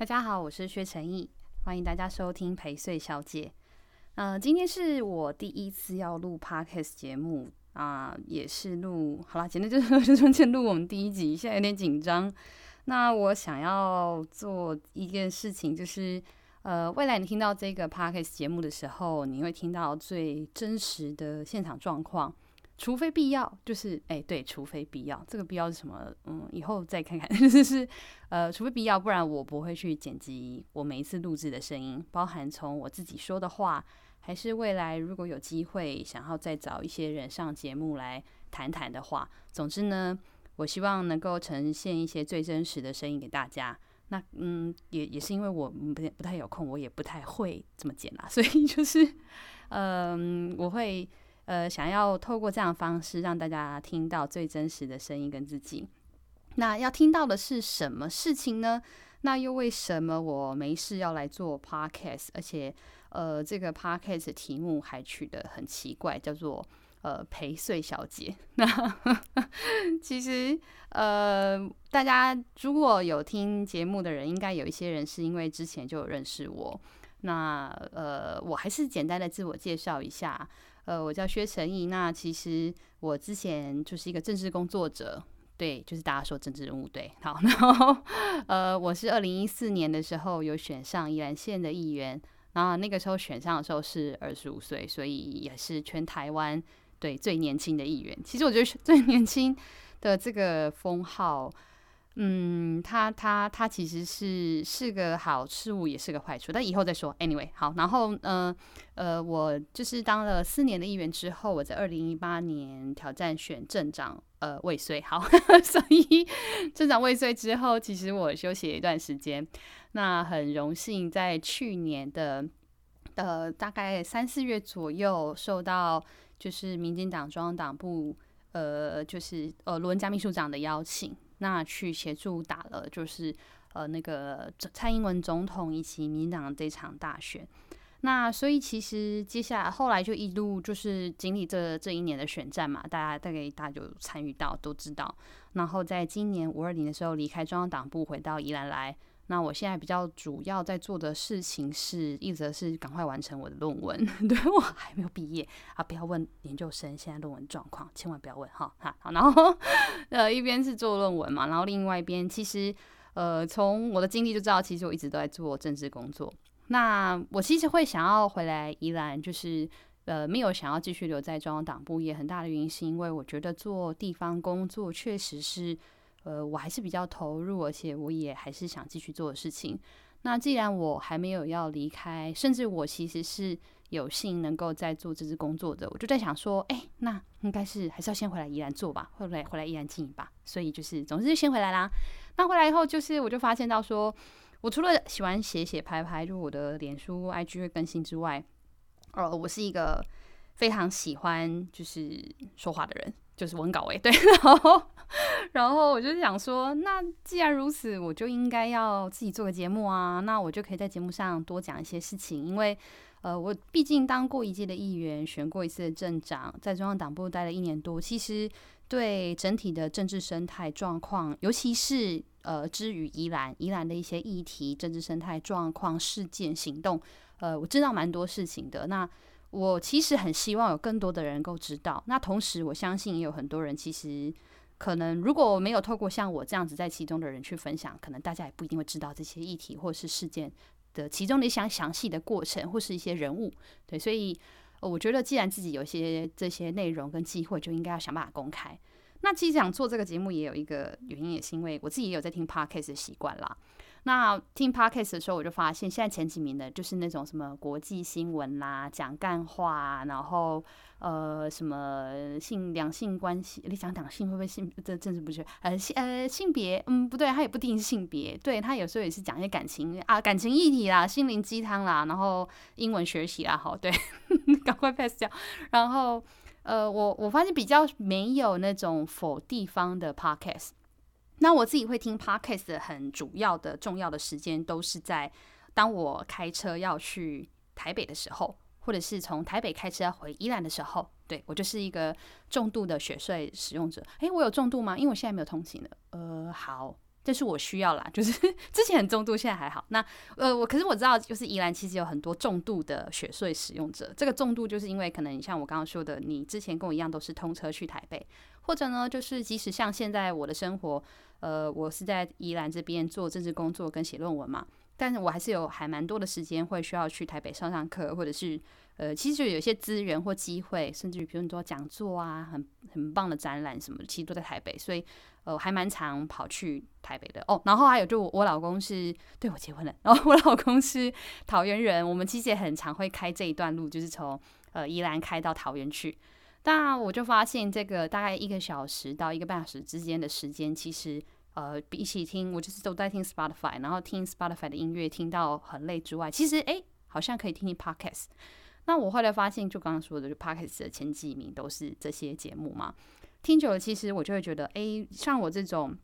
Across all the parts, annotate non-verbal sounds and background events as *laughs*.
大家好，我是薛成毅，歡迎大家收聽《陪隧小姐》呃。嗯，今天是我第一次要錄 podcast 節目啊、呃，也是錄，好了，簡單就是從頭錄我們第一集，現在有點緊張。那我想要做一件事情，就是呃，未來你聽到這個 podcast 節目的時候，你會聽到最真實的現場狀況。除非必要，就是哎、欸，對，除非必要，這個必要是什麼？嗯，以後再看看。就是呃，除非必要，不然我不會去剪輯我每一次錄製的聲音，包含從我自己說的話，還是未來如果有機會想要再找一些人上節目來談談的話。總之呢，我希望能夠呈現一些最真實的聲音給大家。那嗯，也也是因為我不不太有空，我也不太會這麼剪啦、啊。所以就是嗯、呃，我會。呃，想要透過這樣的方式讓大家聽到最真實的聲音跟自己。那要聽到的是什麼事情呢？那又為什麼我沒事要來做 podcast？而且，呃，這個 podcast 題目還取得很奇怪，叫做“呃陪隧小姐”那。那其實，呃，大家如果有聽節目的人，應該有一些人是因為之前就有認識我。那呃，我還是簡單的自我介紹一下，呃，我叫薛成毅。那其實我之前就是一個政治工作者，對，就是大家說政治人物，對。好，然後呃，我是二零一四年的時候有選上宜蘭縣的議員，然後那個時候選上的時候是二十五歲，所以也是全台灣對最年輕的議員。其實我覺得最年輕的這個封號。嗯，他他他其實是是個好事物，也是個壞處，但以後再說。Anyway，好，然後呃呃，我就是當了四年的議員之後，我在二零一八年挑戰選鎮長，呃，未遂。好， *laughs* 所以鎮長未遂之後，其實我休息了一段時間。那很榮幸在去年的呃大概三四月左右，受到就是民進黨中央黨部呃就是呃羅文嘉秘書長的邀請。那去協助打了，就是呃那個蔡英文總統以及民進黨的這場大選，那所以其實接下來後來就一路就是經歷這這一年的選戰嘛，大家大概大家就參與到都知道，然後在今年五二零的時候離開中央黨部，回到宜蘭來。那我現在比較主要在做的事情是一則是趕快完成我的論文，對我還沒有畢業啊，不要問研究生現在論文狀況，千萬不要問哈。好，然後呃一邊是做論文嘛，然後另外一邊其實呃從我的經歷就知道，其實我一直都在做政治工作。那我其實會想要回來宜蘭，就是呃沒有想要繼續留在中央黨部，也很大的原因是因為我覺得做地方工作確實是。呃，我還是比較投入，而且我也還是想繼續做的事情。那既然我還沒有要離開，甚至我其實是有幸能夠再做這支工作的，我就在想說，哎、欸，那應該是還是要先回來宜蘭做吧，或來回來宜蘭經營吧。所以就是，總之就先回來啦。那回來以後，就是我就發現到說，我除了喜歡寫寫拍拍，就我的臉書、IG 會更新之外，呃，我是一個非常喜歡就是說話的人。就是文稿誒，對，然後，然後我就想說，那既然如此，我就應該要自己做個節目啊，那我就可以在節目上多講一些事情，因為，呃，我畢竟當過一屆的議員，選過一次的鎮長，在中央黨部待了一年多，其實對整體的政治生態狀況，尤其是呃，至於宜蘭，宜蘭的一些議題、政治生態狀況、事件、行動，呃，我知道蠻多事情的。那我其實很希望有更多的人能夠知道。那同時，我相信也有很多人其實可能，如果沒有透過像我這樣子在其中的人去分享，可能大家也不一定會知道這些議題或是事件的其中的一些詳細的過程或是一些人物。對，所以我覺得既然自己有些這些內容跟機會，就應該要想辦法公開。那其實想做這個節目，也有一個原因，也是因為我自己也有在聽 Podcast 的習慣啦。那聽 podcast 的時候，我就發現現在前幾名的，就是那種什麼國際新聞啦、講幹話、啊，然後呃什麼性兩性關係，你講兩性會不會性？這政治不學，呃性呃性別，嗯不對，它也不一定是性別，對他有時候也是講一些感情啊、感情議題啦、心靈雞湯啦，然後英文學習啦，好，對，趕 *laughs* 快 pass 掉。然後呃，我我發現比較沒有那種否地方的 podcast。那我自己會聽 podcast 的很主要的重要的時間都是在當我開車要去台北的時候，或者是從台北開車回宜蘭的時候，對，我就是一個重度的雪隧使用者。誒，我有重度嗎？因為我現在沒有通勤的。呃，好。這是我需要啦，就是之前很重度，現在還好。那呃，我可是我知道，就是宜蘭其實有很多重度的雪隧使用者。這個重度就是因為可能像我剛剛說的，你之前跟我一樣都是通車去台北，或者呢，就是即使像現在我的生活，呃，我是在宜蘭這邊做政治工作跟寫論文嘛。但是我還是有還蠻多的時間會需要去台北上上課，或者是呃，其實就有一些資源或機會，甚至於比如說講座啊，很很棒的展覽什麼的，其實都在台北，所以呃，還蠻常跑去台北的哦。然後還有就我，我老公是對，我結婚了，然後我老公是桃園人，我們其實也很常會開這一段路，就是從呃宜蘭開到桃園去。但我就發現這個大概一個小時到一個半小時之間的時間，其實。呃，比起聽，我就是都在聽 Spotify，然後聽 Spotify 的音樂，聽到很累之外，其實哎，好像可以聽聽 Podcast。那我後來發現，就剛剛說的，就 Podcast 的前幾名都是這些節目嘛。聽久了，其實我就會覺得，哎，像我這種，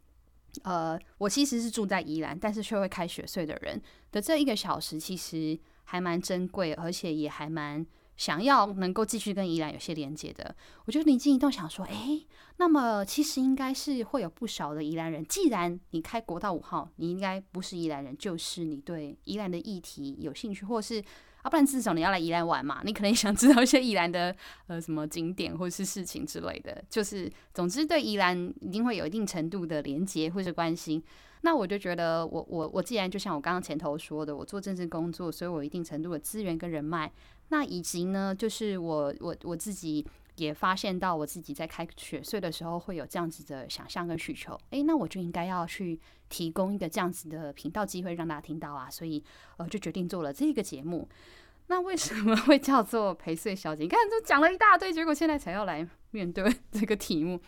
呃，我其實是住在宜蘭，但是卻會開雪隧的人的這一個小時，其實還蠻珍貴，而且也還蠻。想要能夠繼續跟宜蘭有些連接的，我就靈機一動想說，哎、欸，那麼其實應該是會有不少的宜蘭人。既然你開國道五號，你應該不是宜蘭人，就是你對宜蘭的議題有興趣，或是啊，不然至少你要來宜蘭玩嘛，你可能也想知道一些宜蘭的呃什麼景點或是事情之類的。就是總之，對宜蘭一定會有一定程度的連接或者是關心。那我就覺得我，我我我既然就像我剛剛前頭說的，我做政治工作，所以我一定程度的資源跟人脈。那以及呢，就是我我我自己也發現到我自己在開雪隧的時候會有這樣子的想象跟需求，誒、欸，那我就應該要去提供一個這樣子的頻道機會讓大家聽到啊，所以呃就決定做了這個節目。那為什麼會叫做陪隧小姐？你看都講了一大堆，結果現在才要來面對這個題目，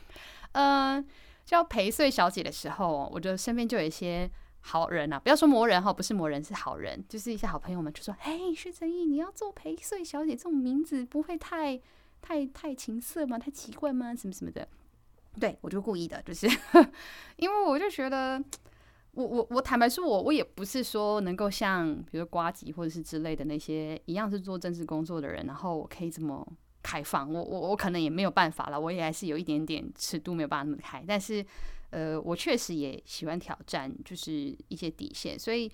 嗯、呃，叫陪隧小姐的時候，我的身邊就有一些。好人吶、啊，不要說魔人哈，不是魔人是好人，就是一些好朋友們就說：“嘿，薛呈懿，你要做陪隧小姐這種名字不會太太太情色嗎？太奇怪嗎？什麼什麼的？”對，我就故意的，就是因為我就覺得，我我我坦白說，我我也不是說能夠像比如說呱吉或者是之類的那些一樣是做政治工作的人，然後我可以這麼開放，我我我可能也沒有辦法了，我也還是有一點點尺度沒有辦法那麼開，但是。呃，我確實也喜歡挑戰，就是一些底線，所以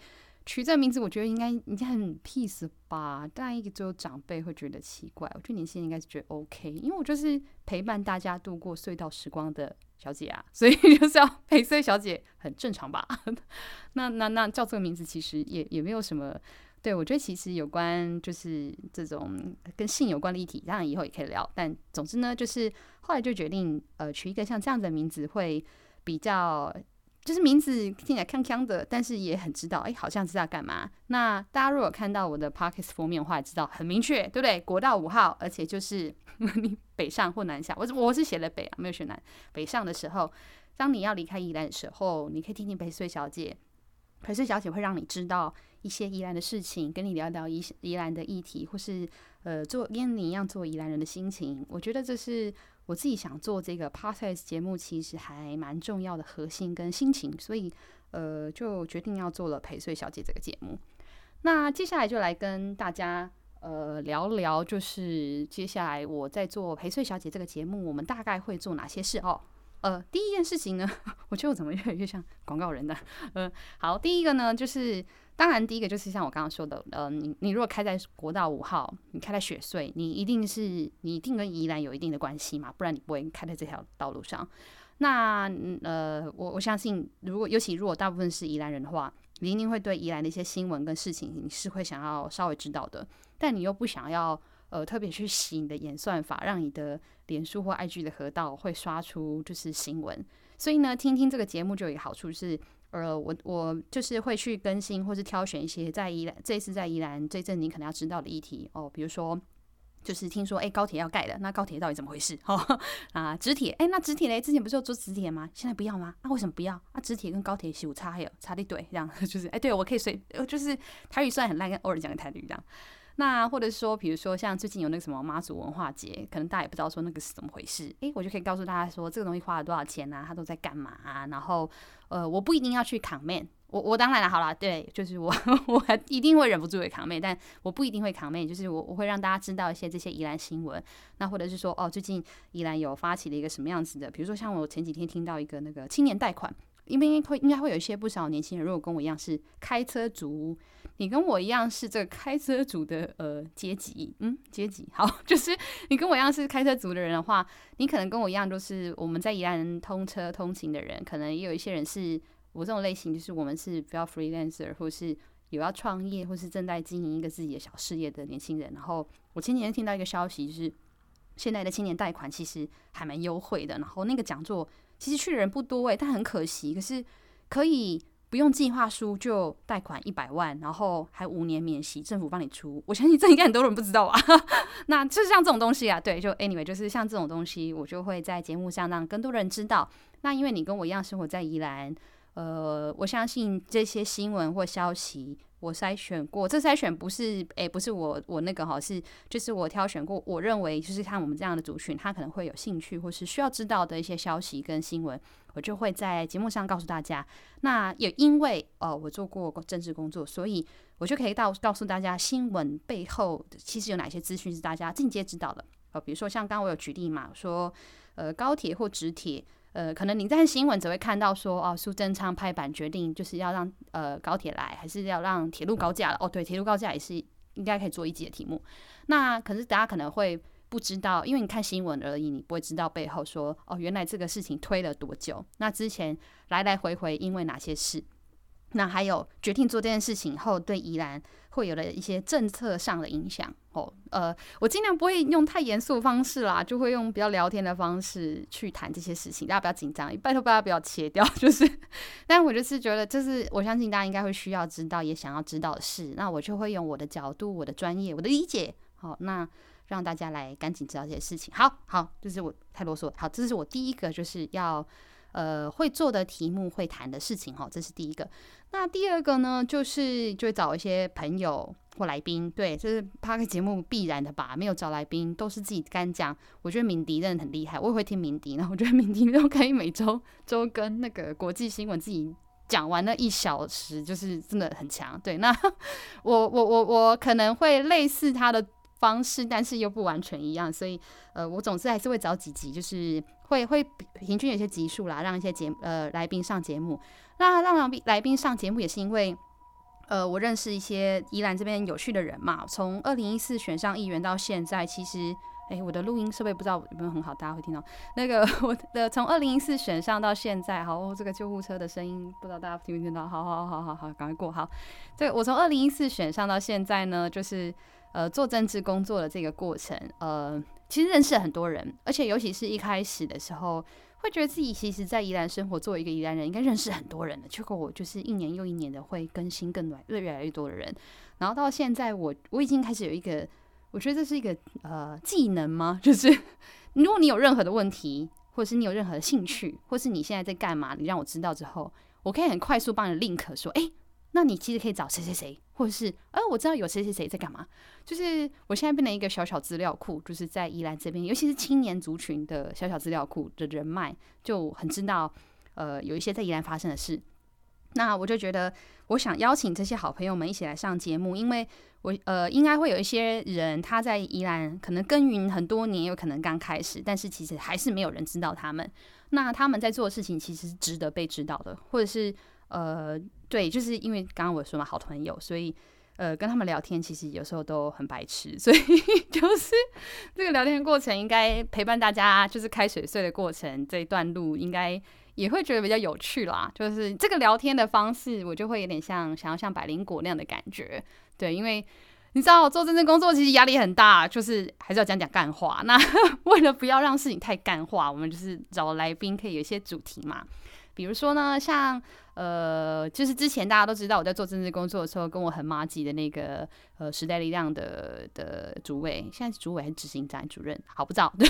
取這名字，我覺得應該已經很 peace 吧，但一直有長輩會覺得奇怪。我覺得年輕人應該是覺得 OK，因為我就是陪伴大家度過隧道時光的小姐啊，所以就是要陪睡小姐，很正常吧？ *laughs* 那那那叫這個名字，其實也也沒有什麼。對，我覺得其實有關，就是這種跟性有關的議題，當然以後也可以聊。但總之呢，就是後來就決定，呃，取一個像這樣的名字會。比較就是名字聽起來鏗鏘的，但是也很知道，哎、欸，好像知道幹嘛。那大家如果看到我的 Podcast 封面的話，也知道很明確，對不對？國道五號，而且就是呵呵你北上或南下，我是我是寫了北啊，沒有寫南。北上的時候，當你要離開宜蘭的時候，你可以聽聽陪隧小姐。陪隧小姐會讓你知道一些宜蘭的事情，跟你聊聊宜宜蘭的議題，或是呃做跟你一樣做宜蘭人的心情。我覺得這是我自己想做這個 podcast 節目，其實還蠻重要的核心跟心情，所以呃就決定要做了陪隧小姐這個節目。那接下來就來跟大家呃聊聊，就是接下來我在做陪隧小姐這個節目，我們大概會做哪些事哦？呃，第一件事情呢，我覺得我怎麼越來越像廣告人呢？嗯、呃，好，第一個呢，就是當然，第一個就是像我剛剛說的，呃，你你如果開在國道五號，你開在雪隧，你一定是你一定跟宜蘭有一定的關係嘛，不然你不會開在這條道路上。那呃，我我相信，如果尤其如果大部分是宜蘭人的話，你一定會對宜蘭的一些新聞跟事情，你是會想要稍微知道的，但你又不想要。呃，特別去洗你的演算法，讓你的臉書或 IG 的河道會刷出就是新聞。所以呢，聽聽這個節目就有個好處、就是，呃，我我就是會去更新或是挑選一些在宜蘭這一次在宜蘭這陣你可能要知道的議題哦、呃，比如說就是聽說哎、欸、高鐵要蓋的那高鐵到底怎麼回事？哦 *laughs* 啊，直鐵哎、欸，那直鐵嘞之前不是有做直鐵嗎？現在不要嗎？那、啊、為什麼不要？啊，直鐵跟高鐵是有差還有差的差對，這樣就是哎、欸，對，我可以隨、呃、就是台語算很爛，跟偶爾講的台語這樣。那或者是說，比如說像最近有那個什麼媽祖文化節，可能大家也不知道說那個是怎麼回事，誒、欸，我就可以告訴大家說這個東西花了多少錢啊，他都在幹嘛、啊？然後呃，我不一定要去扛妹，我我當然了，好啦，對，就是我我一定會忍不住會扛妹，但我不一定會扛妹，就是我我會讓大家知道一些這些宜蘭新聞。那或者是說哦，最近宜蘭有發起了一個什麼樣子的，比如說像我前幾天聽到一個那個青年貸款。因為會應該會有一些不少年輕人，如果跟我一樣是開車族，你跟我一樣是這個開車族的呃階級，嗯階級，好，就是你跟我一樣是開車族的人的話，你可能跟我一樣，就是我們在宜蘭通車通勤的人，可能也有一些人是我這種類型，就是我們是比較 freelancer，或是有要創業或是正在經營一個自己的小事業的年輕人。然後我前幾天聽到一個消息，就是。現在的青年貸款其實還蠻優惠的，然後那個講座其實去的人不多誒、欸，但很可惜，可是可以不用計劃書就貸款一百萬，然後還五年免息，政府幫你出，我相信這應該很多人不知道啊。 *laughs* 那就是像這種東西啊，對，就 anyway，就是像這種東西，我就會在節目上讓更多人知道。那因為你跟我一樣生活在宜蘭，呃，我相信這些新聞或消息。我篩選過，這篩選不是，誒、欸，不是我我那個哈，是就是我挑選過，我認為就是看我們這樣的族群，他可能會有興趣或是需要知道的一些消息跟新聞，我就會在節目上告訴大家。那也因為呃，我做過政治工作，所以我就可以到告訴大家新聞背後其實有哪些資訊是大家間接知道的。呃，比如說像剛剛我有舉例嘛，說呃高鐵或直鐵。呃，可能你在新聞只會看到說，哦，蘇貞昌拍板決定就是要讓呃高鐵來，還是要讓鐵路高架了。哦，對，鐵路高架也是應該可以做一集的題目。那可是大家可能會不知道，因為你看新聞而已，你不會知道背後說，哦，原來這個事情推了多久？那之前來來回回因為哪些事？那還有決定做這件事情後，對宜蘭會有的一些政策上的影響哦。呃，我盡量不會用太嚴肅的方式啦，就會用比較聊天的方式去談這些事情。大家不要緊張，拜託大家不要切掉。就是，但我就是覺得，這、就是我相信大家應該會需要知道，也想要知道的事。那我就會用我的角度、我的專業、我的理解，好、哦，那讓大家來趕緊知道這些事情。好，好，這、就是我太囉嗦。好，這是我第一個就是要。呃，會做的題目，會談的事情，哈，這是第一個。那第二個呢，就是就會找一些朋友或來賓，對，這、就是拍個節目必然的吧？沒有找來賓，都是自己乾講。我覺得敏迪真的人很厲害，我也會聽敏迪呢。我覺得敏迪都可以每周周跟那個國際新聞自己講完那一小時，就是真的很強。對，那我我我我可能會類似他的。方式，但是又不完全一樣，所以，呃，我總之還是會找幾集，就是會會平均有些集數啦，讓一些節呃來賓上節目。那讓來賓來賓上節目也是因為，呃，我認識一些宜蘭這邊有趣的人嘛。從二零一四選上議員到現在，其實，哎、欸，我的錄音設備不知道有沒有很好，大家會聽到。那個我的從二零一四選上到現在，好，哦、這個救護車的聲音不知道大家不聽沒聽到？好好好好好，趕快過好。對，我從二零一四選上到現在呢，就是。呃，做政治工作的這個過程，呃，其實認識了很多人，而且尤其是一開始的時候，會覺得自己其實，在宜蘭生活，作為一個宜蘭人，應該認識很多人了。結果我就是一年又一年的會更新更暖，越越來越多的人。然後到現在我，我我已經開始有一個，我覺得這是一個呃技能嗎？就是如果你有任何的問題，或者是你有任何的興趣，或是你現在在幹嘛，你讓我知道之後，我可以很快速幫你 link 說，哎、欸，那你其實可以找誰誰誰。或者是，呃，我知道有誰誰誰在幹嘛。就是我現在變成一個小小資料庫，就是在宜蘭這邊，尤其是青年族群的小小資料庫的人脈，就很知道，呃，有一些在宜蘭發生的事。那我就覺得，我想邀請這些好朋友們一起來上節目，因為我呃，應該會有一些人他在宜蘭，可能耕耘很多年，有可能剛開始，但是其實還是沒有人知道他們。那他們在做的事情，其實值得被知道的，或者是。呃，對，就是因為剛剛我說嘛，好朋友，所以呃，跟他們聊天其實有時候都很白痴，所以就是這個聊天過程應該陪伴大家，就是開雪隧的過程這一段路，應該也會覺得比較有趣啦。就是這個聊天的方式，我就會有點像想要像百靈果那樣的感覺，對，因為你知道做這份工作其實壓力很大，就是還是要講講幹話。那為了不要讓事情太幹話，我們就是找來賓可以有一些主題嘛。比如說呢，像呃，就是之前大家都知道我在做政治工作的時候，跟我很麻吉的那個呃時代力量的的主委，現在是主委還是執行長主任，好不就對，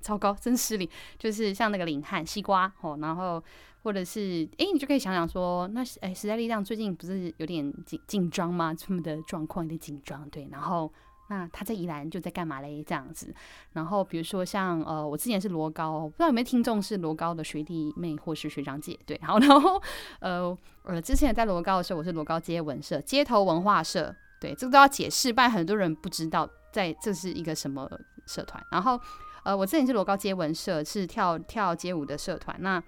糟糕，真失禮。就是像那個林漢西瓜哦，然後或者是哎、欸，你就可以想想說，那時、欸、時代力量最近不是有點緊緊張嗎？這麼的狀況有點緊張，對，然後。那他在宜蘭就在幹嘛嘞？這樣子，然後比如說像呃，我之前是羅高，不知道有沒有聽眾是羅高的學弟妹或是學長姐，對，好然後，呃呃，我之前在羅高的時候，我是羅高街文社，街頭文化社，對，這個都要解釋，不然很多人不知道在這是一個什麼社團。然後呃，我之前是羅高街文社，是跳跳街舞的社團，那。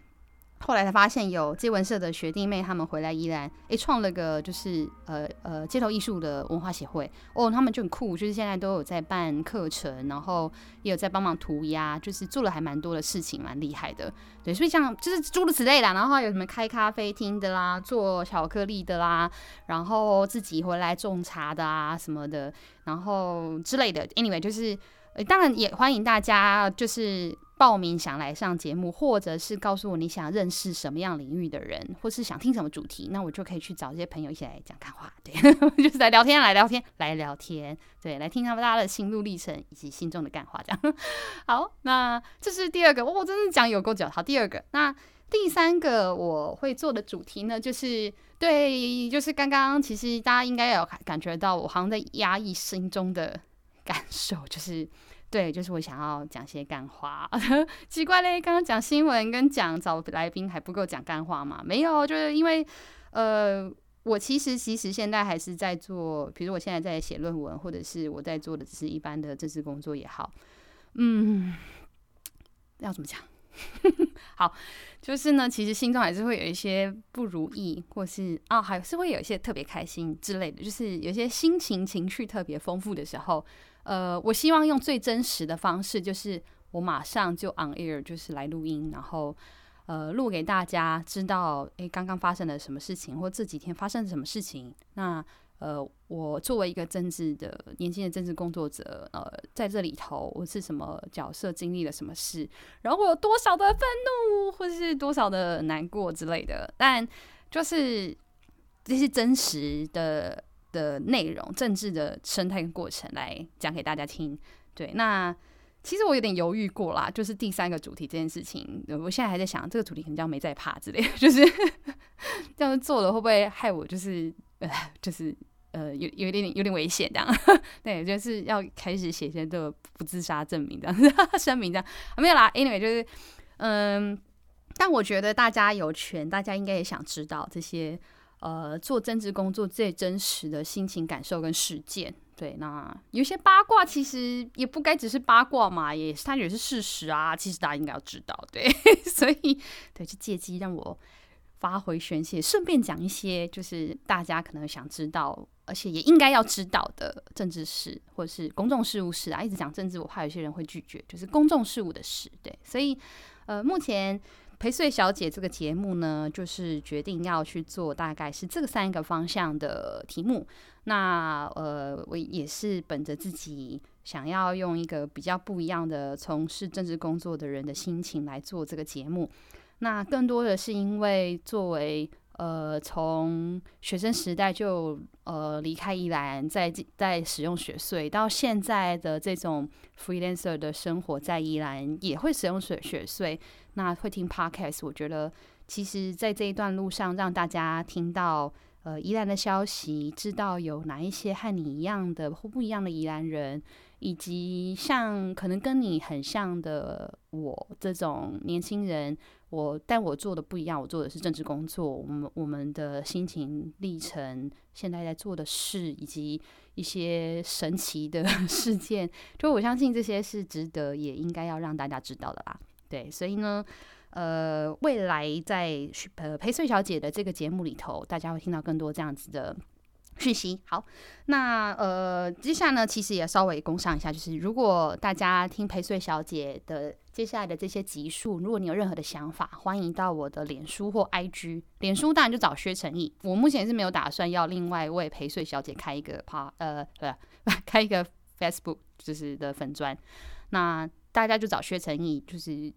後來才發現有這文社的學弟妹，他們回來依然誒，創、欸、了個就是呃呃街頭藝術的文化協會哦、oh, 他們就很酷，就是現在都有在辦課程，然後也有在幫忙塗鴉，就是做了還蠻多的事情，蠻厲害的。對，所以像就是諸如此類的啦，然後還有什麼開咖啡廳的啦、做巧克力的啦，然後自己回來種茶的啊什麼的，然後之類的 anyway 就是、欸、當然也歡迎大家就是。報名想來上節目，或者是告訴我你想認識什麼樣領域的人，或是想聽什麼主題，那我就可以去找這些朋友一起來講幹話，對， *laughs* 就是在聊天，來聊天，來聊天，對，來聽他們大家的心路歷程以及心中的幹話這樣。好，那這是第二個，哦、我真的講有夠久。好，第二個，那第三個我會做的主題呢，就是對，就是剛剛其實大家應該有感覺到，我好像在壓抑心中的感受，就是。對，就是我想要講些幹話， *laughs* 奇怪嘞！剛剛講新聞跟講找來賓還不夠講幹話嗎？沒有，就是因為，呃，我其實其實現在還是在做，比如我現在在寫論文，或者是我在做的只是一般的正式工作也好，嗯，要怎麼講？ *laughs* 好，就是呢，其實心中還是會有一些不如意，或是啊，還是會有一些特別開心之類的，就是有些心情情緒特別豐富的時候。呃，我希望用最真實的方式，就是我馬上就 on air，就是來錄音，然後呃錄給大家知道，誒，剛剛發生了什麼事情，或這幾天發生了什麼事情。那呃，我作為一個政治的年輕的政治工作者，呃，在這裡頭我是什麼角色，經歷了什麼事，然後我有多少的憤怒，或是多少的難過之類的。但就是這些真實的。的內容、政治的生態過程來講給大家聽。對，那其實我有點猶豫過啦，就是第三個主題這件事情，我現在還在想這個主題可能叫沒在怕之類的，就是 *laughs* 這樣做了會不會害我？就是呃，就是呃，有有，有一點有點危險這樣。 *laughs* 對，就是要開始寫一些這個不自殺證明這樣 *laughs* 聲明這樣，啊，沒有啦。Anyway，就是嗯，但我覺得大家有權，大家應該也想知道這些。呃，做政治工作最真實的心情感受跟事件，對，那有些八卦其實也不該只是八卦嘛，也是它也是事實啊。其實大家應該要知道，對，所以對，就借機讓我發揮宣洩，順便講一些就是大家可能想知道，而且也應該要知道的政治事，或者是公衆事務事啊。一直講政治，我怕有些人會拒絕，就是公衆事務的事，對，所以呃，目前。陪隧小姐這個節目呢，就是決定要去做，大概是這三個方向的題目。那呃，我也是本着自己想要用一個比較不一樣的從事政治工作的人的心情來做這個節目。那更多的是因為作為。呃，從學生時代就呃離開宜蘭，在在使用雪隧，到現在的這種 freelancer 的生活，在宜蘭也會使用雪雪隧。那會聽 podcast，我覺得其實，在這一段路上，讓大家聽到呃宜蘭的消息，知道有哪一些和你一樣的或不一樣的宜蘭人，以及像可能跟你很像的我這種年輕人。我但我做的不一樣，我做的是政治工作。我們我們的心情歷程，現在在做的事，以及一些神奇的事件，就我相信這些是值得，也應該要讓大家知道的啦。對，所以呢，呃，未來在呃陪隧小姐的這個節目裡頭，大家會聽到更多這樣子的。訊息。好，那呃，接下呢，其實也稍微工商一下，就是如果大家聽陪隧小姐的接下來的這些集數，如果你有任何的想法，歡迎到我的臉書或 IG，臉書當然就找薛成義，我目前是沒有打算要另外為陪隧小姐開一個趴，呃，開一個 Facebook 就是的粉專，那大家就找薛成義，就是。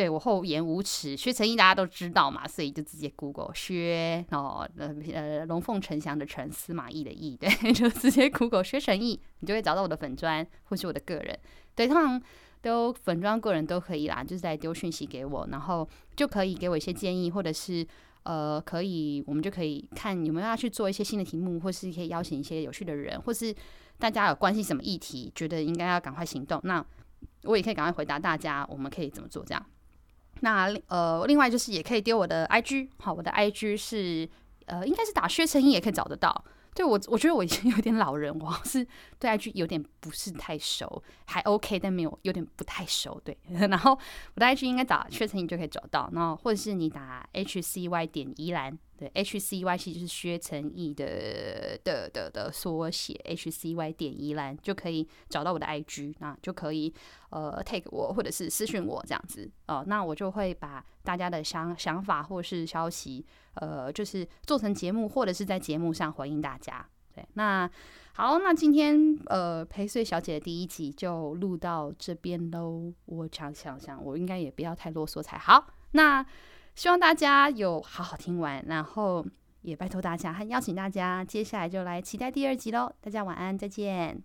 對我厚顏無恥，薛呈懿大家都知道嘛，所以就直接 Google 薛哦，呃，龍鳳呈祥的呈，司馬懿的懿，對，就直接 Google 薛呈懿，你就會找到我的粉專或是我的個人，對，通常都粉專個人都可以啦，就是在丟訊息給我，然後就可以給我一些建議，或者是呃，可以我們就可以看有沒有要去做一些新的題目，或是可以邀請一些有趣的人，或是大家有關心什麼議題，覺得應該要趕快行動，那我也可以趕快回答大家，我們可以怎麼做這樣。那呃，另外就是也可以丟我的 IG，好，我的 IG 是呃，應該是打薛成英也可以找得到。對我，我覺得我已經有點老人，我是對 IG 有點不是太熟，還 OK，但沒有有點不太熟。對，然後我的 IG 應該打薛成英就可以找到，然後或者是你打 HCY 點宜蘭。對，H C Y C 就是薛成毅的的的的縮寫，H C Y 點宜蘭就可以找到我的 I G，啊，就可以呃 take 我或者是私訊我這樣子哦、呃，那我就會把大家的想想法或是消息，呃，就是做成節目或者是在節目上回應大家。對，那好，那今天呃陪隧小姐的第一集就錄到這邊嘍。我想想想，我應該也不要太囉嗦才好。那希望大家有好好聽完，然後也拜託大家，還邀請大家，接下來就來期待第二集嘍！大家晚安，再見。